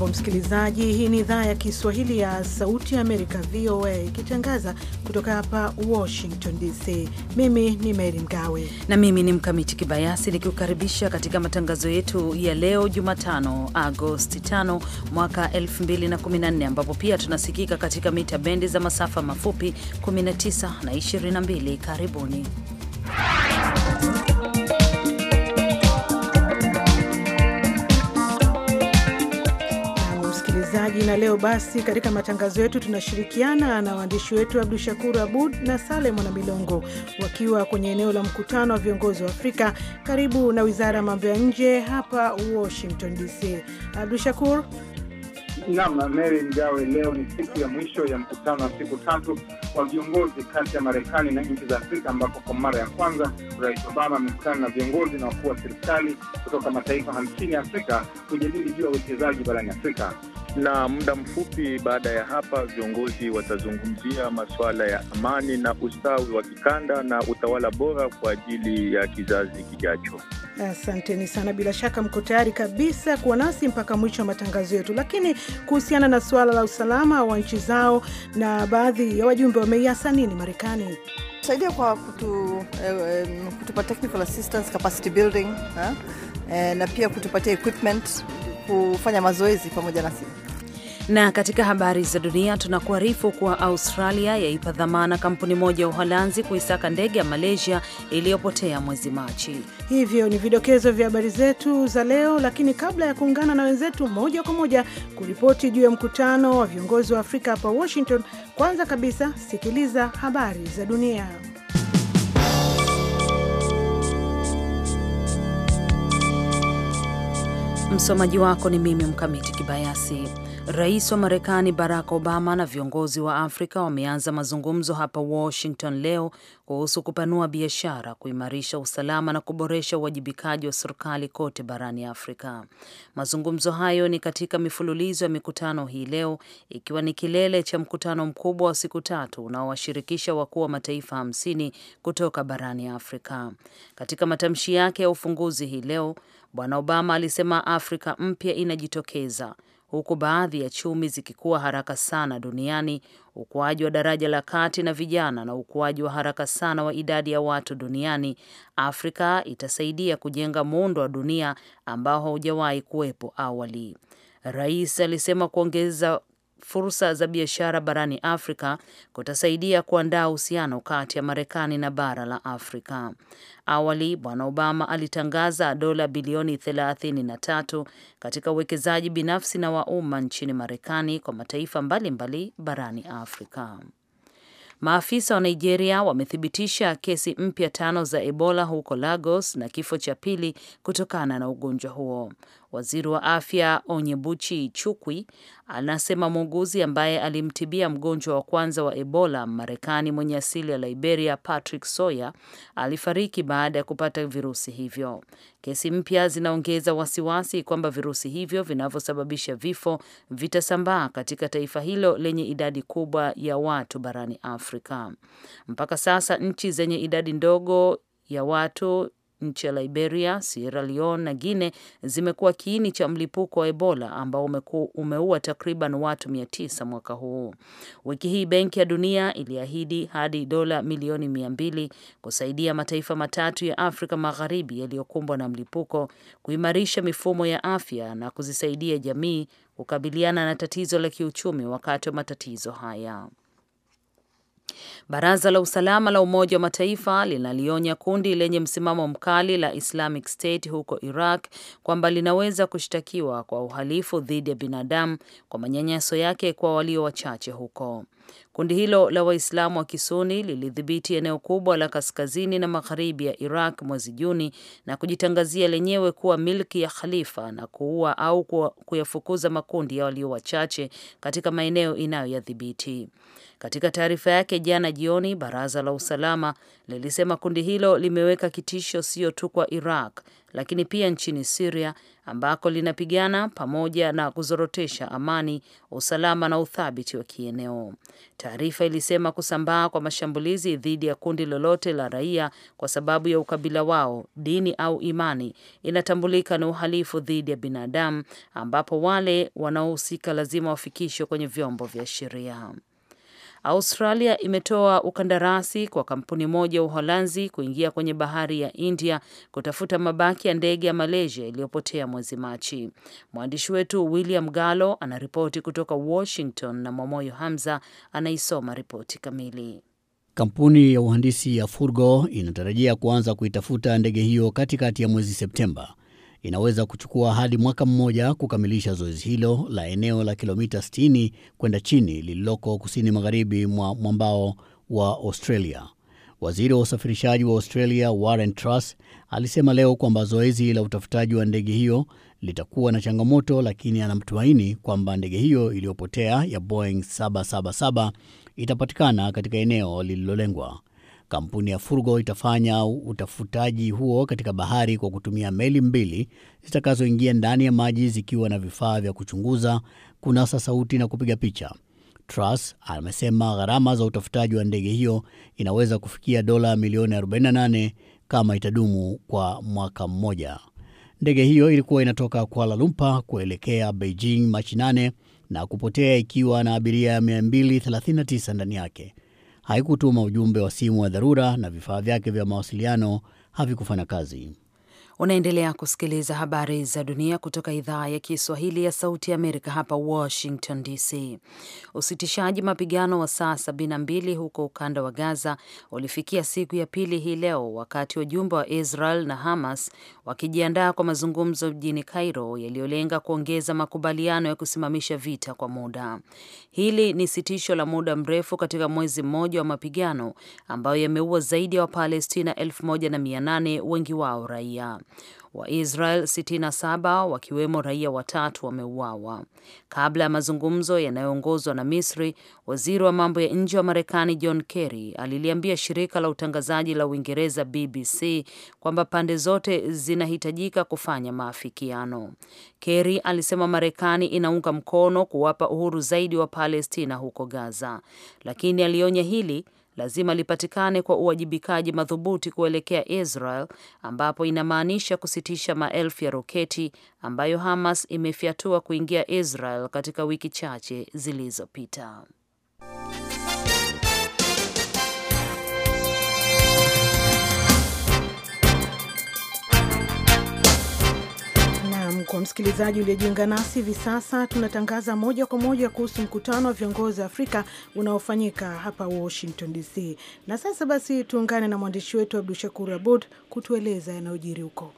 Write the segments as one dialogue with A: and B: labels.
A: Hujambo msikilizaji, hii ni idhaa ya Kiswahili ya Sauti ya Amerika, VOA, ikitangaza kutoka hapa Washington DC. Mimi ni Meri
B: Mgawe na mimi ni Mkamiti Kibayasi nikiukaribisha katika matangazo yetu ya leo Jumatano, Agosti 5 mwaka 2014, ambapo pia tunasikika katika mita bendi za masafa mafupi 19 na 22. Karibuni.
A: msikilizaji, na leo basi katika matangazo yetu tunashirikiana na waandishi wetu Abdu Shakur Abud na Sale Mwanamilongo wakiwa kwenye eneo la mkutano wa viongozi wa Afrika karibu na wizara ya mambo ya nje hapa Washington DC. Abdu Shakur.
C: Naam, Mary Mgawe, leo ni siku ya mwisho ya mkutano wa siku tatu wa viongozi kati ya Marekani na nchi za Afrika, ambapo kwa mara ya kwanza Rais Obama amekutana na viongozi na wakuu wa serikali kutoka mataifa hamsini ya Afrika kujadili juu ya uwekezaji barani Afrika
D: na muda mfupi baada ya hapa viongozi watazungumzia masuala ya amani na ustawi wa kikanda na utawala bora kwa ajili ya kizazi kijacho.
A: Asanteni sana. Bila shaka mko tayari kabisa kuwa nasi mpaka mwisho wa matangazo yetu. Lakini kuhusiana na suala la usalama wa nchi zao, na baadhi ya wajumbe wameiasa nini Marekani
E: saidia kwa kutu, eh, kutupa technical assistance, capacity building, eh, na pia kutupatia equipment kufanya mazoezi pamoja na sisi.
B: Na katika habari za dunia tunakuarifu kuwa Australia yaipa dhamana kampuni moja ya Uholanzi kuisaka ndege ya Malaysia iliyopotea mwezi Machi.
A: Hivyo ni vidokezo vya habari zetu za leo, lakini kabla ya kuungana na wenzetu moja kwa moja kuripoti juu ya mkutano wa viongozi wa Afrika hapa Washington, kwanza kabisa sikiliza habari za dunia.
B: Msomaji wako ni mimi Mkamiti Kibayasi. Rais wa Marekani Barack Obama na viongozi wa Afrika wameanza mazungumzo hapa Washington leo kuhusu kupanua biashara, kuimarisha usalama na kuboresha uwajibikaji wa serikali kote barani Afrika. Mazungumzo hayo ni katika mifululizo ya mikutano hii leo, ikiwa ni kilele cha mkutano mkubwa wa siku tatu unaowashirikisha wakuu wa mataifa hamsini kutoka barani Afrika. Katika matamshi yake ya ufunguzi hii leo, Bwana Obama alisema Afrika mpya inajitokeza huku baadhi ya chumi zikikuwa haraka sana duniani, ukuaji wa daraja la kati na vijana na ukuaji wa haraka sana wa idadi ya watu duniani, Afrika itasaidia kujenga muundo wa dunia ambao haujawahi kuwepo awali. Rais alisema kuongeza fursa za biashara barani Afrika kutasaidia kuandaa uhusiano kati ya Marekani na bara la Afrika. Awali Bwana Obama alitangaza dola bilioni 33 katika uwekezaji binafsi na wa umma nchini Marekani kwa mataifa mbalimbali mbali barani Afrika. Maafisa wa Nigeria wamethibitisha kesi mpya tano za Ebola huko Lagos na kifo cha pili kutokana na ugonjwa huo. Waziri wa afya Onyebuchi Chukwi anasema muuguzi ambaye alimtibia mgonjwa wa kwanza wa Ebola Marekani mwenye asili ya Liberia, Patrick Sawyer alifariki baada ya kupata virusi hivyo. Kesi mpya zinaongeza wasiwasi kwamba virusi hivyo vinavyosababisha vifo vitasambaa katika taifa hilo lenye idadi kubwa ya watu barani Afrika. Mpaka sasa nchi zenye idadi ndogo ya watu Nchi ya Liberia, Sierra Leone na guine zimekuwa kiini cha mlipuko wa Ebola ambao umeua takriban watu tisa mwaka huu. Wiki hii Benki ya Dunia iliahidi hadi dola milioni mia mbili kusaidia mataifa matatu ya Afrika Magharibi yaliyokumbwa na mlipuko, kuimarisha mifumo ya afya na kuzisaidia jamii kukabiliana na tatizo la kiuchumi wakati wa matatizo haya. Baraza la Usalama la Umoja wa Mataifa linalionya kundi lenye msimamo mkali la Islamic State huko Iraq kwamba linaweza kushtakiwa kwa uhalifu dhidi ya binadamu kwa manyanyaso yake kwa walio wachache huko. Kundi hilo la Waislamu wa Kisuni lilidhibiti eneo kubwa la kaskazini na magharibi ya Iraq mwezi Juni na kujitangazia lenyewe kuwa milki ya khalifa na kuua au kuyafukuza makundi ya walio wachache katika maeneo inayoyadhibiti. Katika taarifa yake jana jioni, baraza la usalama lilisema kundi hilo limeweka kitisho sio tu kwa Iraq lakini pia nchini Syria ambako linapigana pamoja na kuzorotesha amani, usalama na uthabiti wa kieneo. Taarifa ilisema kusambaa kwa mashambulizi dhidi ya kundi lolote la raia kwa sababu ya ukabila wao, dini au imani inatambulika na uhalifu dhidi ya binadamu ambapo wale wanaohusika lazima wafikishwe kwenye vyombo vya sheria. Australia imetoa ukandarasi kwa kampuni moja ya Uholanzi kuingia kwenye bahari ya India kutafuta mabaki ya ndege ya Malaysia iliyopotea mwezi Machi. Mwandishi wetu William Gallo anaripoti kutoka Washington na Mwamoyo Hamza anaisoma ripoti kamili.
F: Kampuni ya uhandisi ya Furgo inatarajia kuanza kuitafuta ndege hiyo katikati ya mwezi Septemba inaweza kuchukua hadi mwaka mmoja kukamilisha zoezi hilo la eneo la kilomita 60 kwenda chini lililoko kusini magharibi mwa mwambao wa Australia. Waziri wa usafirishaji wa Australia Warren Truss alisema leo kwamba zoezi la utafutaji wa ndege hiyo litakuwa na changamoto, lakini anamtumaini kwamba ndege hiyo iliyopotea ya Boeing 777 itapatikana katika eneo lililolengwa. Kampuni ya Furgo itafanya utafutaji huo katika bahari kwa kutumia meli mbili zitakazoingia ndani ya maji zikiwa na vifaa vya kuchunguza, kunasa sauti na kupiga picha. Truss amesema gharama za utafutaji wa ndege hiyo inaweza kufikia dola milioni 48 kama itadumu kwa mwaka mmoja. Ndege hiyo ilikuwa inatoka Kuala Lumpur kuelekea Beijing Machi 8 na kupotea ikiwa na abiria 239 ndani yake haikutuma ujumbe wa simu wa dharura na vifaa vyake vya mawasiliano havikufanya kazi.
B: Unaendelea kusikiliza habari za dunia kutoka idhaa ya Kiswahili ya Sauti ya Amerika hapa Washington DC. Usitishaji mapigano wa saa 72 huko ukanda wa Gaza ulifikia siku ya pili hii leo, wakati wajumbe wa Israel na Hamas wakijiandaa kwa mazungumzo mjini Cairo yaliyolenga kuongeza makubaliano ya kusimamisha vita kwa muda. Hili ni sitisho la muda mrefu katika mwezi mmoja wa mapigano ambayo yameua zaidi ya Wapalestina 18 wengi wao raia. Waisrael 67 wakiwemo raia watatu wameuawa. Kabla ya mazungumzo yanayoongozwa na Misri, waziri wa mambo ya nje wa Marekani John Kerry aliliambia shirika la utangazaji la Uingereza BBC kwamba pande zote zinahitajika kufanya maafikiano. Kerry alisema Marekani inaunga mkono kuwapa uhuru zaidi wa Palestina huko Gaza, lakini alionya hili lazima lipatikane kwa uwajibikaji madhubuti kuelekea Israel, ambapo inamaanisha kusitisha maelfu ya roketi ambayo Hamas imefyatua kuingia Israel katika wiki chache zilizopita.
A: Kwa msikilizaji uliojiunga nasi hivi sasa, tunatangaza moja kwa moja kuhusu mkutano wa viongozi wa Afrika unaofanyika hapa Washington DC. Na sasa basi tuungane na mwandishi wetu Abdu Shakur Abud kutueleza yanayojiri huko.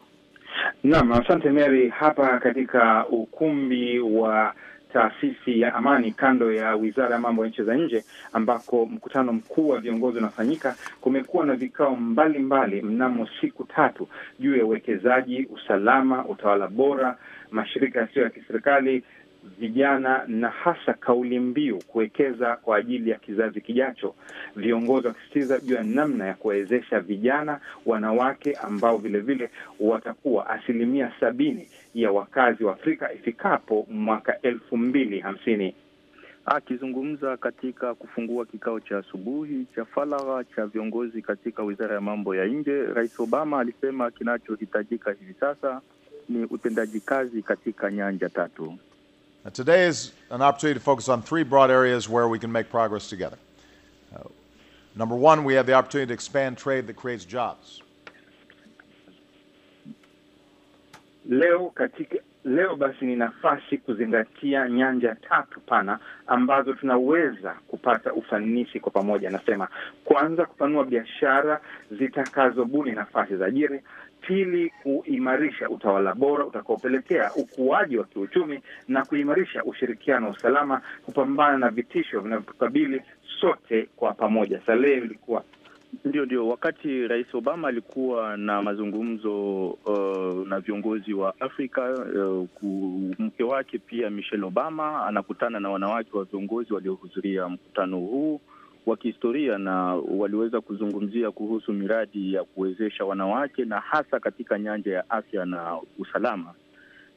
C: Naam, asante Mary. Hapa katika ukumbi wa taasisi ya Amani kando ya wizara ya mambo ya nchi za nje ambako mkutano mkuu wa viongozi unafanyika. Kumekuwa na vikao mbalimbali mbali, mnamo siku tatu juu ya uwekezaji, usalama, utawala bora, mashirika yasiyo ya kiserikali vijana na hasa kauli mbiu kuwekeza kwa ajili ya kizazi kijacho, viongozi wakisitiza juu ya namna ya kuwawezesha vijana wanawake ambao vilevile watakuwa asilimia sabini ya wakazi wa Afrika
D: ifikapo mwaka elfu mbili hamsini. Akizungumza katika kufungua kikao cha asubuhi cha faragha cha viongozi katika wizara ya mambo ya nje, Rais Obama alisema kinachohitajika hivi sasa ni utendaji kazi katika nyanja
G: tatu. Today is an opportunity to focus on three broad areas where we can make progress together. Uh, number one, we have the opportunity to expand trade that creates jobs.
C: Leo katika leo basi ni nafasi kuzingatia nyanja tatu pana ambazo tunaweza kupata ufanisi kwa pamoja. Anasema kwanza, kupanua biashara zitakazobuni nafasi za ajira; pili, kuimarisha utawala bora utakaopelekea ukuaji wa kiuchumi na kuimarisha ushirikiano wa usalama, kupambana na vitisho vinavyokabili
D: sote kwa pamoja. Salehe ilikuwa ndio, ndio. Wakati Rais Obama alikuwa na mazungumzo uh, na viongozi wa Afrika uh, mke wake pia Michelle Obama anakutana na wanawake wa viongozi waliohudhuria mkutano huu wa kihistoria, na waliweza kuzungumzia kuhusu miradi ya kuwezesha wanawake na hasa katika nyanja ya afya na usalama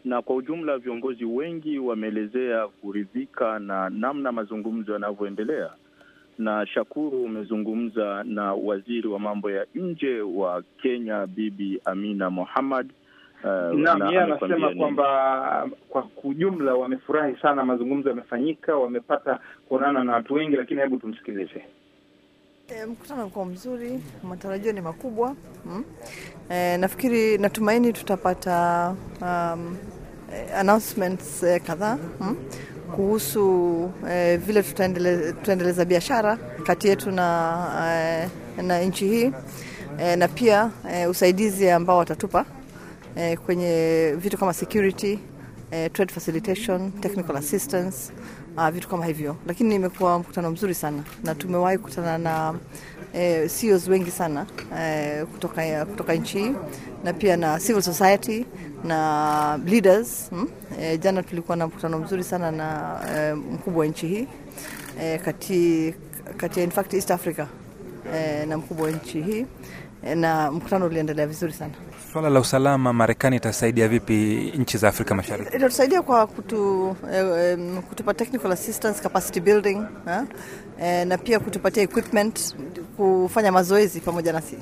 D: na kwa ujumla viongozi wengi wameelezea kuridhika na namna mazungumzo yanavyoendelea na shakuru umezungumza na waziri wa mambo ya nje wa Kenya Bibi Amina Mohamad. Uh, naam, yeye anasema kwamba uh, kwa
C: kujumla wamefurahi sana, mazungumzo yamefanyika, wamepata kuonana na watu wengi, lakini hebu
E: tumsikilize. E, mkutano ulikuwa mzuri, matarajio ni makubwa hmm. E, nafikiri natumaini tutapata um, eh, announcements kadhaa hmm kuhusu e, vile tutaendeleza, tutaendeleza biashara kati yetu na, e, na nchi hii e, na pia e, usaidizi ambao watatupa e, kwenye vitu kama security eh, trade facilitation, technical assistance ah, vitu kama hivyo, lakini imekuwa mkutano mzuri sana na tumewahi kukutana na Eh, CEOs wengi sana eh, kutoka, kutoka nchi na pia na civil society na leaders hmm? Eh, jana tulikuwa na mkutano mzuri sana na eh, mkubwa wa nchi hii kati, kati in fact East Africa na mkubwa wa nchi hii na mkutano uliendelea vizuri sana.
C: Swala la usalama, Marekani itasaidia vipi nchi za Afrika Mashariki?
E: Itatusaidia kwa kutu, eh, kutupa technical assistance, capacity building eh, eh, na pia kutupatia equipment kufanya mazoezi pamoja nasi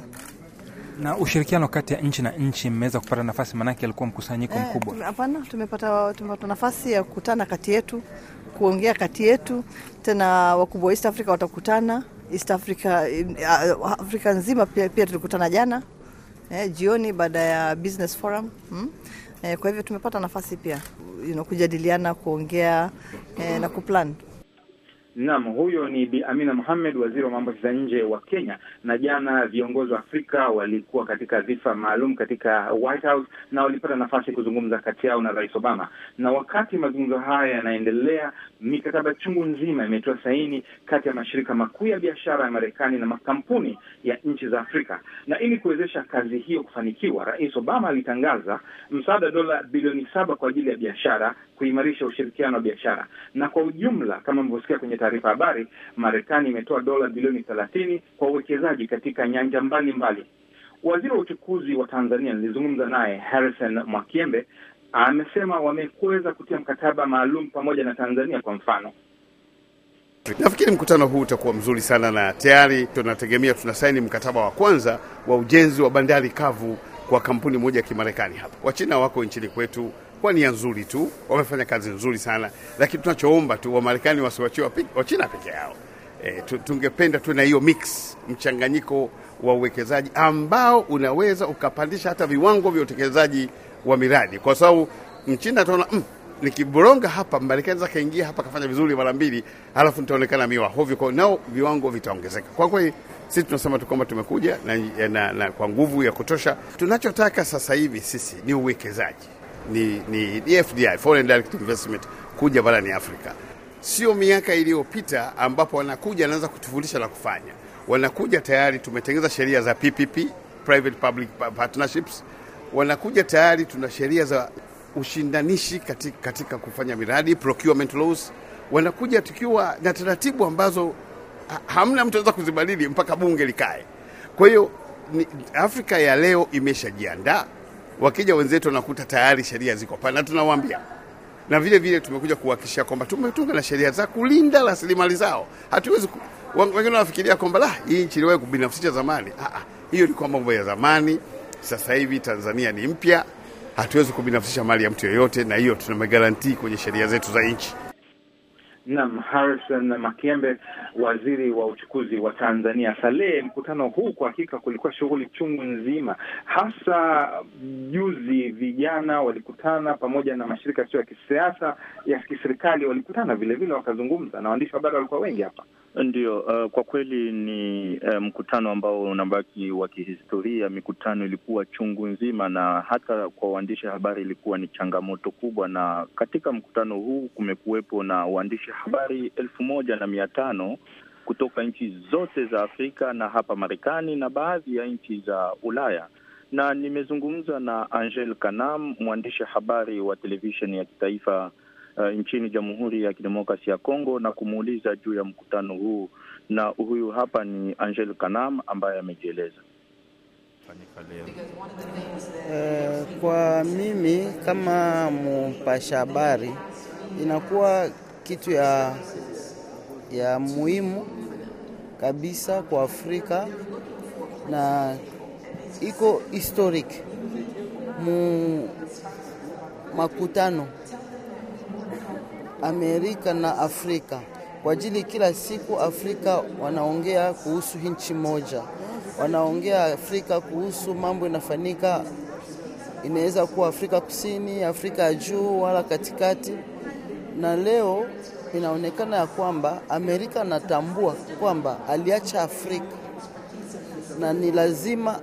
C: na ushirikiano kati ya nchi na nchi, mmeweza kupata nafasi? Maanake alikuwa mkusanyiko eh, mkubwa.
E: Hapana, eh, tumepata, tumepata nafasi ya kukutana kati yetu, kuongea kati yetu, tena wakubwa East Africa watakutana East Africa, eh, ah, Afrika nzima pia, pia tulikutana jana eh, jioni baada ya business forum hmm? Eh, kwa hivyo tumepata nafasi pia you know, kujadiliana, kuongea eh, na kuplan
C: Naam, huyo ni Bi Amina Mohamed, waziri wa mambo za nje wa Kenya. Na jana viongozi wa Afrika walikuwa katika dhifa maalum katika White House na walipata nafasi kuzungumza kati yao na Rais Obama. Na wakati mazungumzo haya yanaendelea, mikataba chungu nzima imetoa saini kati ya mashirika makuu ya biashara ya Marekani na makampuni ya nchi za Afrika. Na ili kuwezesha kazi hiyo kufanikiwa, Rais Obama alitangaza msaada dola bilioni saba kwa ajili ya biashara, kuimarisha ushirikiano wa biashara na kwa ujumla, kama mlivyosikia kwenye taarifa habari, Marekani imetoa dola bilioni thelathini kwa uwekezaji katika nyanja mbalimbali. Waziri wa uchukuzi wa Tanzania, nilizungumza naye Harrison Mwakiembe, amesema wameweza kutia mkataba maalum pamoja na Tanzania kwa mfano
G: Nafikiri mkutano huu utakuwa mzuri sana, na tayari tunategemea tunasaini mkataba wa kwanza wa ujenzi wa bandari kavu kwa kampuni moja ya Kimarekani hapa. Wachina wako nchini kwetu, ni ya nzuri tu, wamefanya kazi nzuri sana, lakini tunachoomba tu Wamarekani wasiwachie Wachina peke yao. E, tungependa tu na hiyo mix, mchanganyiko wa uwekezaji ambao unaweza ukapandisha hata viwango vya utekelezaji wa miradi, kwa sababu mchina ataona mm, nikiboronga hapa Marekani za kaingia hapa kafanya vizuri mara mbili, alafu nitaonekana mimi hovyo, kwa nao viwango vitaongezeka. Kwa kweli sisi tunasema tu kwamba tumekuja na, na, na kwa nguvu ya kutosha. Tunachotaka sasa hivi sisi ni uwekezaji ni, ni e FDI, foreign direct investment, kuja barani Afrika, sio miaka iliyopita ambapo wanakuja wanaanza kutufundisha la kufanya. Wanakuja tayari tumetengeza sheria za PPP, private public partnerships. Wanakuja tayari tuna sheria za ushindanishi katika, katika kufanya miradi, procurement laws. Wanakuja tukiwa na taratibu ambazo hamna mtu anaweza kuzibadili mpaka bunge likae. Kwa hiyo Afrika ya leo imeshajiandaa. Wakija wenzetu wanakuta tayari sheria ziko pale, na tunawaambia na vile vile tumekuja kuhakikisha kwamba tumetunga na sheria za kulinda rasilimali zao. Hatuwezi wengine wanafikiria kwamba la hii nchi iliwahi kubinafsisha zamani. Ah, hiyo ilikuwa mambo ya zamani. Sasa hivi Tanzania ni mpya, hatuwezi kubinafsisha mali ya mtu yoyote, na hiyo tunamegarantii kwenye sheria zetu za nchi
C: nam Harrison Makiembe, waziri wa uchukuzi wa Tanzania. Saleh, mkutano huu kwa hakika kulikuwa shughuli chungu nzima, hasa juzi vijana walikutana pamoja na mashirika sio ya kisiasa ya kiserikali walikutana
D: vilevile, wakazungumza na waandishi wa habari, walikuwa wengi hapa ndio uh, kwa kweli ni uh, mkutano ambao unabaki wa kihistoria. Mikutano ilikuwa chungu nzima, na hata kwa waandishi habari ilikuwa ni changamoto kubwa. Na katika mkutano huu kumekuwepo na waandishi habari elfu moja na mia tano kutoka nchi zote za Afrika na hapa Marekani na baadhi ya nchi za Ulaya na nimezungumza na Angel Kanam, mwandishi habari wa televisheni ya kitaifa uh, nchini Jamhuri ya Kidemokrasia ya Kongo na kumuuliza juu ya mkutano huu, na huyu hapa ni Angel Kanam ambaye amejieleza.
H: Uh, kwa mimi kama mpasha habari inakuwa kitu ya, ya muhimu kabisa kwa Afrika na iko historic mu makutano Amerika na Afrika kwa ajili kila siku Afrika wanaongea kuhusu nchi moja, wanaongea Afrika kuhusu mambo inafanyika, inaweza kuwa Afrika Kusini, Afrika ya juu wala katikati. Na leo inaonekana ya kwamba Amerika anatambua kwamba aliacha Afrika na ni lazima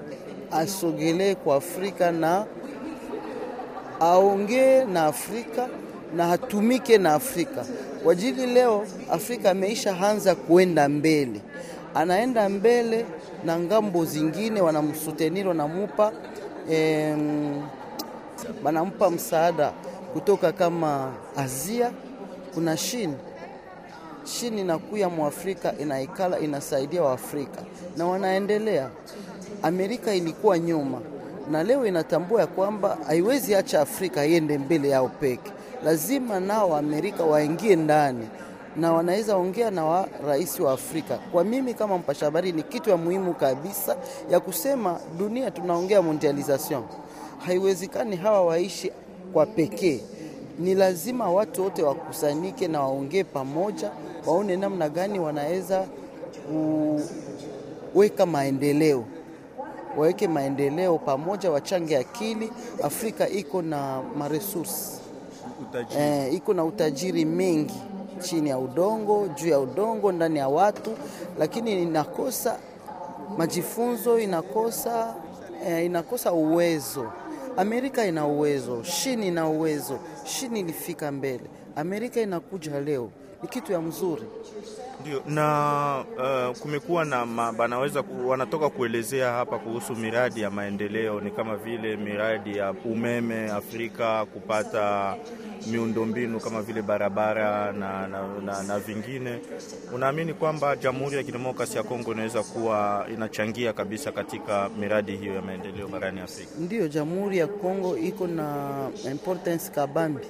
H: asogelee kwa Afrika na aongee na Afrika na hatumike na Afrika kwa ajili leo. Afrika ameisha anza kuenda mbele, anaenda mbele na ngambo zingine, wanamsuteniri wanamupa em, wanampa msaada kutoka kama Azia. Kuna shini shini inakuya Afrika inaikala inasaidia Waafrika na wanaendelea. Amerika ilikuwa nyuma na leo inatambua ya kwamba haiwezi acha Afrika iende mbele yao peke lazima nao Waamerika waingie ndani na wanaweza ongea na wa rais wa Afrika. Kwa mimi kama mpasha habari, ni kitu ya muhimu kabisa ya kusema dunia tunaongea mondialization. Haiwezekani hawa waishi kwa pekee, ni lazima watu wote wakusanyike na waongee pamoja, waone namna gani wanaweza kuweka maendeleo, waweke maendeleo pamoja, wachange akili. Afrika iko na maresursi utajiri. Eh, iko na utajiri mengi chini ya udongo, juu ya udongo, ndani ya watu, lakini inakosa majifunzo, inakosa eh, inakosa uwezo. Amerika ina uwezo, Shini ina uwezo, Shini ilifika mbele. Amerika inakuja leo, ni kitu ya mzuri.
D: Ndio, na uh, kumekuwa na banaweza wanatoka kuelezea hapa kuhusu miradi ya maendeleo, ni kama vile miradi ya umeme Afrika, kupata miundombinu kama vile barabara na, na, na, na vingine. Unaamini kwamba Jamhuri ya Kidemokrasia ya Kongo inaweza kuwa inachangia kabisa katika miradi hiyo ya maendeleo barani Afrika?
H: Ndiyo, Jamhuri ya Kongo iko na importance kabambi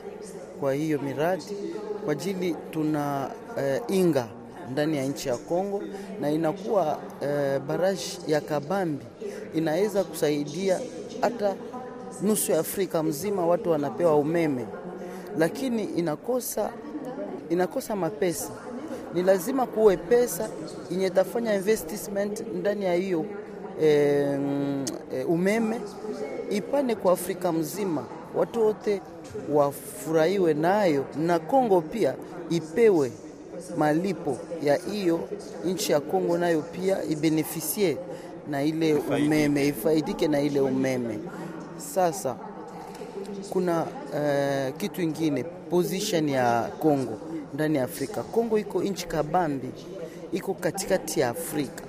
H: kwa hiyo miradi kwa ajili tuna uh, inga ndani ya nchi ya Kongo, na inakuwa e, eh, barrage ya Kabambi inaweza kusaidia hata nusu ya Afrika mzima, watu wanapewa umeme, lakini inakosa, inakosa mapesa. Ni lazima kuwe pesa yenye tafanya investment ndani ya hiyo e, umeme ipane kwa Afrika mzima, watu wote wafurahiwe nayo na Kongo pia ipewe malipo ya hiyo nchi ya Kongo nayo pia ibenefisie na ile umeme, ifaidike na ile umeme. Sasa kuna uh, kitu ingine position ya Kongo ndani ya Afrika. Kongo iko nchi kabambi, iko katikati ya Afrika.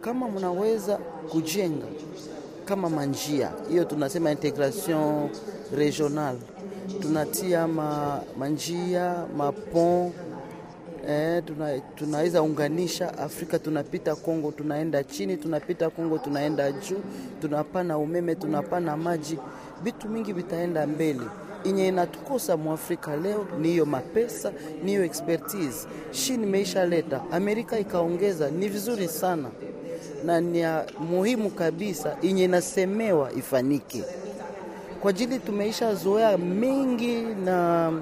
H: Kama mnaweza kujenga kama manjia hiyo, tunasema integration regional, tunatia ma, manjia mapon E, tunaweza tuna unganisha Afrika, tunapita Kongo, tunaenda chini, tunapita Kongo, tunaenda juu, tunapana umeme, tunapana maji, vitu mingi vitaenda mbele. Inye inatukosa mwafrika leo ni hiyo mapesa, ni hiyo expertise. Shi nimeisha leta Amerika ikaongeza, ni vizuri sana na ni muhimu kabisa, inye inasemewa ifanike kwa ajili tumeisha zoea mengi na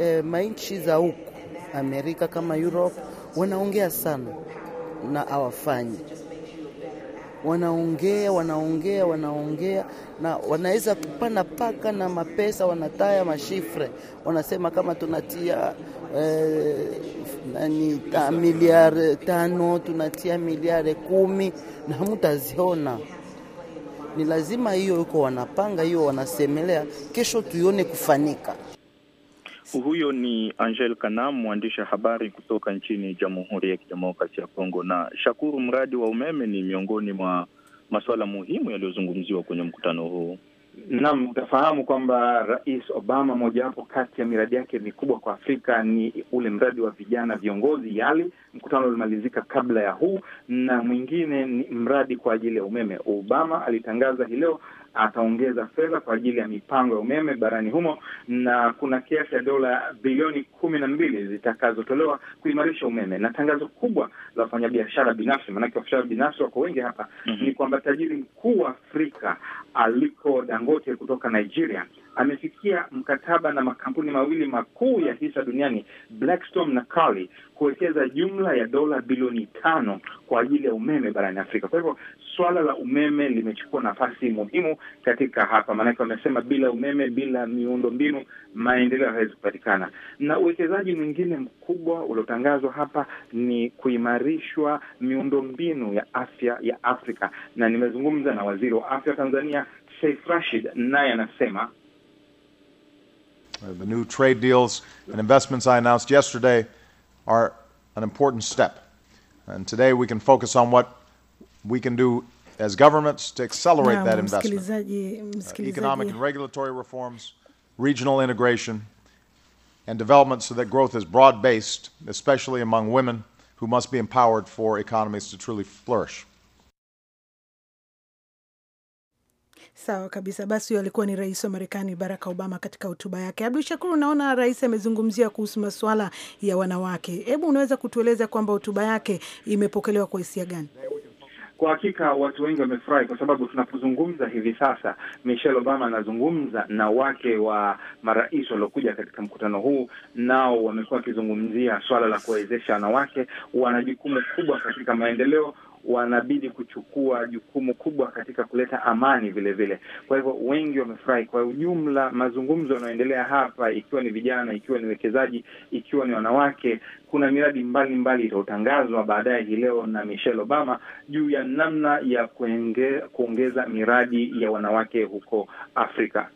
H: eh, mainchi za huku Amerika kama Europe wanaongea sana na hawafanyi, wanaongea wanaongea wanaongea, na wanaweza kupana paka na mapesa, wanataya mashifre, wanasema kama tunatia eh, nani ta, miliare tano tunatia miliare kumi na mutaziona ni lazima hiyo, yuko wanapanga hiyo, wanasemelea kesho, tuione kufanika.
D: Huyo ni Angel Kanam, mwandishi habari kutoka nchini Jamhuri ya Kidemokrasia ya Kongo. Na Shakuru, mradi wa umeme ni miongoni mwa masuala muhimu yaliyozungumziwa kwenye mkutano huu. Naam, utafahamu kwamba Rais Obama, mojawapo kati ya miradi yake
C: mikubwa kwa Afrika ni ule mradi wa vijana viongozi, YALI. Mkutano ulimalizika kabla ya huu, na mwingine ni mradi kwa ajili ya umeme. Obama alitangaza hii leo ataongeza fedha kwa ajili ya mipango ya umeme barani humo, na kuna kiasi ya dola bilioni kumi na mbili zitakazotolewa kuimarisha umeme. Na tangazo kubwa la wafanyabiashara binafsi, maanake wafanyabiashara binafsi wako wengi hapa mm -hmm. ni kwamba tajiri mkuu wa Afrika Aliko Dangote kutoka Nigeria amefikia mkataba na makampuni mawili makuu ya hisa duniani Blackstone na Carlyle kuwekeza jumla ya dola bilioni tano kwa ajili ya umeme barani Afrika. Kwa hivyo swala la umeme limechukua nafasi muhimu katika hapa, maanake wamesema bila umeme, bila miundo mbinu maendeleo hayawezi kupatikana. Na uwekezaji mwingine mkubwa uliotangazwa hapa ni kuimarishwa miundo mbinu ya afya ya Afrika, na nimezungumza na waziri wa afya wa Tanzania Sheikh Rashid, naye anasema
G: The new trade deals and investments I announced yesterday are an important step. And today we can focus on what we can do as governments to accelerate that investment.
A: Uh, economic and
G: regulatory reforms, regional integration, and development so that growth is broad based, especially among women who must be empowered for economies to truly flourish.
A: Sawa kabisa. Basi huyo alikuwa ni rais wa Marekani Barack Obama katika hotuba yake. Abdu Shakur, unaona rais amezungumzia kuhusu masuala ya wanawake, hebu unaweza kutueleza kwamba hotuba yake imepokelewa kwa hisia gani?
C: Kwa hakika watu wengi wamefurahi kwa sababu tunapozungumza hivi sasa, Michelle Obama anazungumza na wake wa marais waliokuja katika mkutano huu, nao wamekuwa wakizungumzia swala la kuwawezesha wanawake. Wana jukumu kubwa katika maendeleo wanabidi kuchukua jukumu kubwa katika kuleta amani vile vile. Kwa hivyo wengi wamefurahi kwa ujumla. Mazungumzo yanayoendelea hapa, ikiwa ni vijana, ikiwa ni wekezaji, ikiwa ni wanawake, kuna miradi mbalimbali itatangazwa baadaye hii leo na Michelle Obama juu ya namna ya kuenge, kuongeza miradi ya wanawake huko Afrika.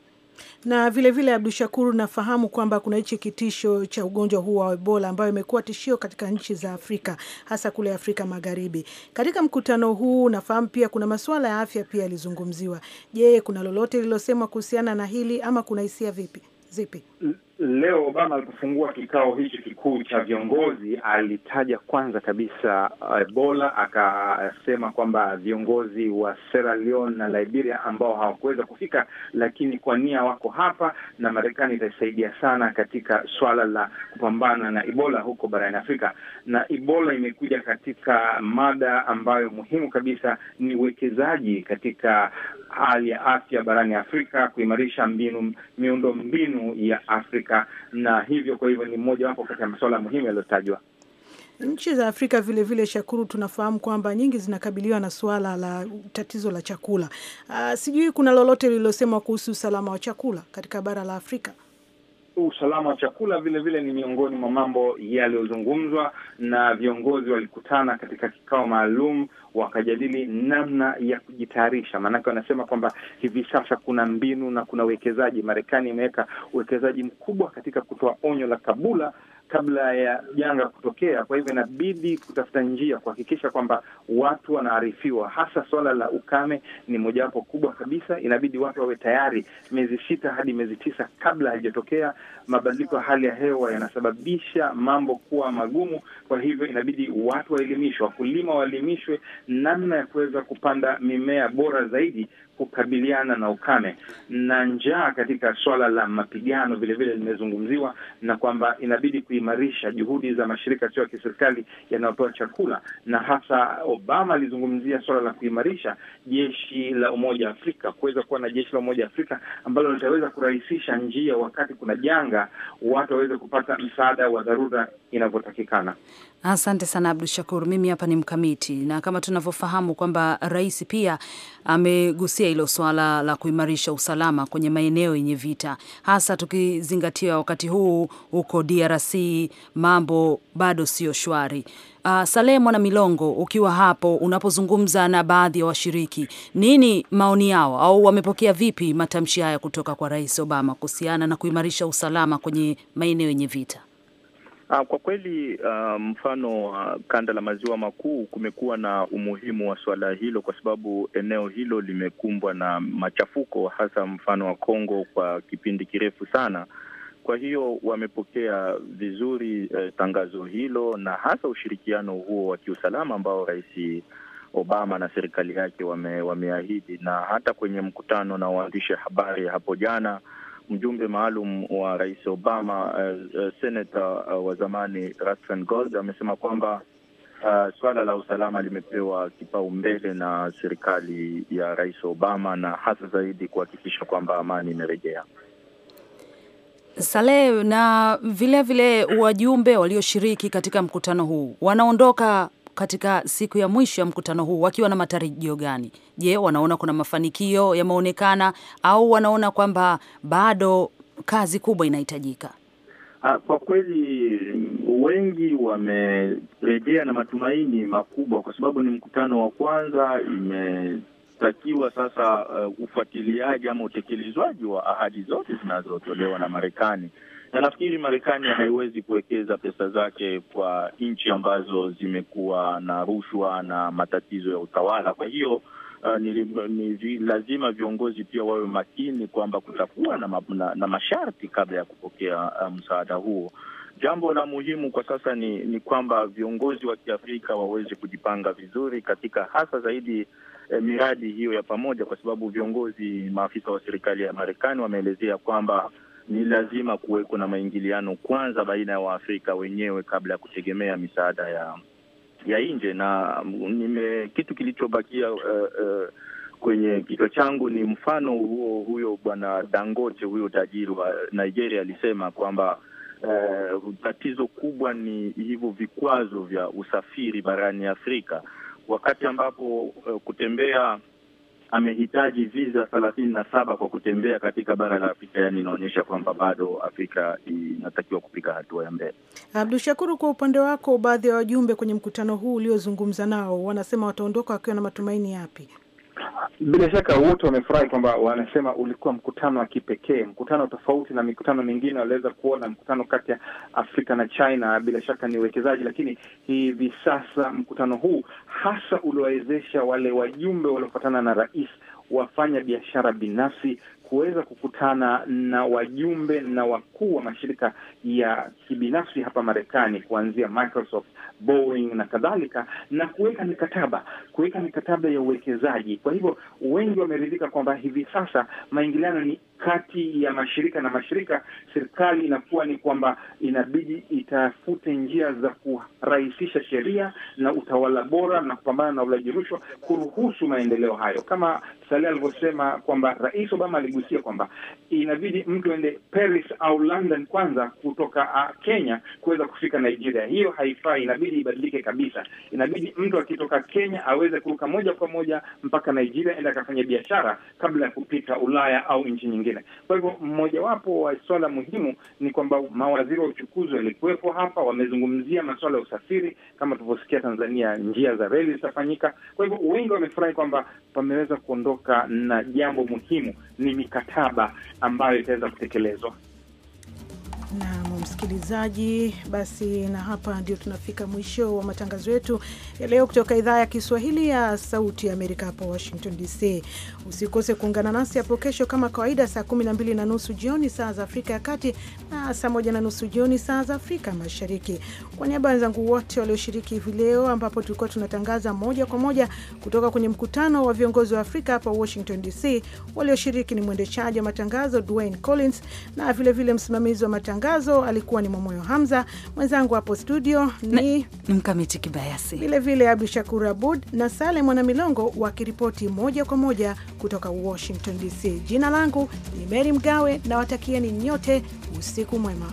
A: Na vilevile vile Abdu Shakuru, nafahamu kwamba kuna hichi kitisho cha ugonjwa huu wa Ebola ambayo imekuwa tishio katika nchi za Afrika hasa kule Afrika Magharibi. Katika mkutano huu nafahamu pia kuna masuala ya afya pia yalizungumziwa. Je, kuna lolote lililosemwa kuhusiana na hili ama kuna hisia vipi zipi?
C: Mm, Leo Obama alipofungua kikao hichi kikuu cha viongozi alitaja kwanza kabisa uh, Ebola, akasema kwamba viongozi wa Sierra Leone na Liberia ambao hawakuweza kufika, lakini kwa nia wako hapa na Marekani itasaidia sana katika swala la kupambana na Ebola huko barani Afrika. Na Ebola imekuja katika mada ambayo muhimu kabisa ni uwekezaji katika hali ya afya barani Afrika, kuimarisha mbinu miundo mbinu ya Afrika Afrika, na hivyo kwa hivyo ni mmoja wapo kati ya masuala muhimu yaliyotajwa.
A: Nchi za Afrika vilevile vile, Shakuru, tunafahamu kwamba nyingi zinakabiliwa na suala la tatizo la chakula. Uh, sijui kuna lolote lililosemwa kuhusu usalama wa chakula katika bara la Afrika?
C: usalama wa chakula vile vile ni miongoni mwa mambo yaliyozungumzwa, na viongozi walikutana katika kikao maalum, wakajadili namna ya kujitayarisha. Maanake wanasema kwamba hivi sasa kuna mbinu na kuna uwekezaji. Marekani imeweka uwekezaji mkubwa katika kutoa onyo la kabula kabla ya janga kutokea. Kwa hivyo inabidi kutafuta njia kuhakikisha kwamba watu wanaarifiwa, hasa swala la ukame ni mojawapo kubwa kabisa. Inabidi watu wawe tayari miezi sita hadi miezi tisa kabla haijatokea. Mabadiliko ya hali ya hewa yanasababisha mambo kuwa magumu, kwa hivyo inabidi watu waelimishwe, wakulima waelimishwe namna ya kuweza kupanda mimea bora zaidi kukabiliana na ukame na njaa. Katika swala la mapigano vilevile limezungumziwa na kwamba inabidi kuimarisha juhudi za mashirika sio ya kiserikali yanayopewa chakula, na hasa Obama alizungumzia swala la kuimarisha jeshi la Umoja wa Afrika, kuweza kuwa na jeshi la Umoja wa Afrika ambalo litaweza kurahisisha njia wakati kuna janga, watu waweze kupata msaada wa dharura inavyotakikana.
B: Asante sana Abdu Shakur, mimi hapa ni mkamiti, na kama tunavyofahamu kwamba rais pia amegusia hilo swala la kuimarisha usalama kwenye maeneo yenye vita, hasa tukizingatia wakati huu huko DRC mambo bado sio shwari. Uh, ah, Salehe Mwana Milongo, ukiwa hapo, unapozungumza na baadhi ya wa washiriki, nini maoni yao au wamepokea vipi matamshi haya kutoka kwa Rais Obama kuhusiana na kuimarisha usalama kwenye maeneo yenye vita?
D: Ah, kwa kweli uh, mfano wa uh, kanda la maziwa makuu kumekuwa na umuhimu wa suala hilo, kwa sababu eneo hilo limekumbwa na machafuko, hasa mfano wa Kongo kwa kipindi kirefu sana. Kwa hiyo wamepokea vizuri eh, tangazo hilo na hasa ushirikiano huo wa kiusalama ambao Rais Obama na serikali yake wame, wameahidi na hata kwenye mkutano na waandishi habari hapo jana mjumbe maalum wa Rais Obama uh, eh, uh, eh, senata uh, eh, wa zamani Rutherford Gold amesema kwamba uh, suala la usalama limepewa kipaumbele na serikali ya Rais Obama na hasa zaidi kuhakikisha kwamba amani imerejea.
B: Saleh, na vilevile vile wajumbe walioshiriki katika mkutano huu wanaondoka katika siku ya mwisho ya mkutano huu wakiwa na matarajio gani? Je, wanaona kuna mafanikio yameonekana au wanaona kwamba bado kazi kubwa inahitajika? Ah,
D: kwa kweli wengi wamerejea na matumaini makubwa, kwa sababu ni mkutano wa kwanza. Imetakiwa sasa uh, ufuatiliaji ama utekelezwaji wa ahadi zote zinazotolewa na Marekani na nafikiri Marekani haiwezi kuwekeza pesa zake kwa nchi ambazo zimekuwa na rushwa na matatizo ya utawala. Kwa hiyo Uh, ni, ni lazima viongozi pia wawe makini kwamba kutakuwa na, ma, na, na masharti kabla ya kupokea uh, msaada huo. Jambo la muhimu kwa sasa ni, ni kwamba viongozi wa Kiafrika waweze kujipanga vizuri katika hasa zaidi eh, miradi hiyo ya pamoja, kwa sababu viongozi, maafisa wa serikali ya Marekani wameelezea kwamba ni lazima kuweko na maingiliano kwanza baina ya Waafrika wenyewe kabla ya kutegemea misaada ya ya nje. Na nime kitu kilichobakia uh, uh, kwenye kichwa changu ni mfano huo huyo bwana Dangote, huyo tajiri wa Nigeria alisema kwamba uh, tatizo kubwa ni hivyo vikwazo vya usafiri barani Afrika, wakati ambapo uh, kutembea amehitaji visa thelathini na saba kwa kutembea katika bara la Afrika. Yaani inaonyesha kwamba bado Afrika inatakiwa kupiga hatua ya mbele.
A: Abdu Shakuru, kwa upande wako, baadhi ya wajumbe kwenye mkutano huu uliozungumza nao wanasema wataondoka wakiwa na matumaini yapi?
C: Bila shaka wote wamefurahi kwamba wanasema ulikuwa mkutano wa kipekee, mkutano tofauti na mikutano mingine waliweza kuona, mkutano kati ya Afrika na China bila shaka ni uwekezaji, lakini hivi sasa mkutano huu hasa uliwawezesha wale wajumbe waliofuatana na rais wafanya biashara binafsi kuweza kukutana na wajumbe na wakuu wa mashirika ya kibinafsi hapa Marekani, kuanzia Microsoft, Boeing na kadhalika, na kuweka mikataba, kuweka mikataba ya uwekezaji. Kwa hivyo wengi wameridhika kwamba hivi sasa maingiliano ni kati ya mashirika na mashirika. Serikali inakuwa ni kwamba inabidi itafute njia za kurahisisha sheria na utawala bora na kupambana na ulaji rushwa, kuruhusu maendeleo hayo, kama Saleh alivyosema kwamba Rais Obama amegusia kwamba inabidi mtu aende Paris au London kwanza kutoka ah, Kenya kuweza kufika Nigeria. Hiyo haifai, inabidi ibadilike kabisa. Inabidi mtu akitoka Kenya aweze kuruka moja kwa moja mpaka Nigeria, ende akafanya biashara kabla ya kupita Ulaya au nchi nyingine. Kwa hivyo mmojawapo wa swala muhimu ni kwamba mawaziri wa uchukuzi walikuwepo hapa, wamezungumzia masuala ya usafiri kama tulivyosikia Tanzania, njia za reli zitafanyika. Kwa hivyo wengi wamefurahi kwamba pameweza kuondoka na jambo muhimu ni mikataba ambayo itaweza kutekelezwa
A: msikilizaji. Basi na hapa ndio tunafika mwisho wa matangazo yetu ya leo kutoka idhaa ya Kiswahili ya Sauti ya Amerika hapa Washington DC. Usikose kuungana nasi hapo kesho kama kawaida, saa kumi na mbili na nusu jioni saa za Afrika ya Kati na saa moja na nusu jioni saa za Afrika Mashariki. Kwa niaba ya wenzangu wote walioshiriki hivi leo, ambapo tulikuwa tunatangaza moja kwa moja kutoka kwenye mkutano wa viongozi wa Afrika hapa Washington DC, walioshiriki ni mwendeshaji wa matangazo Dwayne Collins na vilevile msimamizi wa matangazo alikuwa alikuwa ni Mwamoyo Hamza, mwenzangu hapo studio ni
B: Mkamiti Kibayasi,
A: vilevile Abdu Shakur Abud na Sale Mwana Milongo wakiripoti moja kwa moja kutoka Washington DC. Jina langu ni Meri Mgawe na watakieni nyote usiku mwema.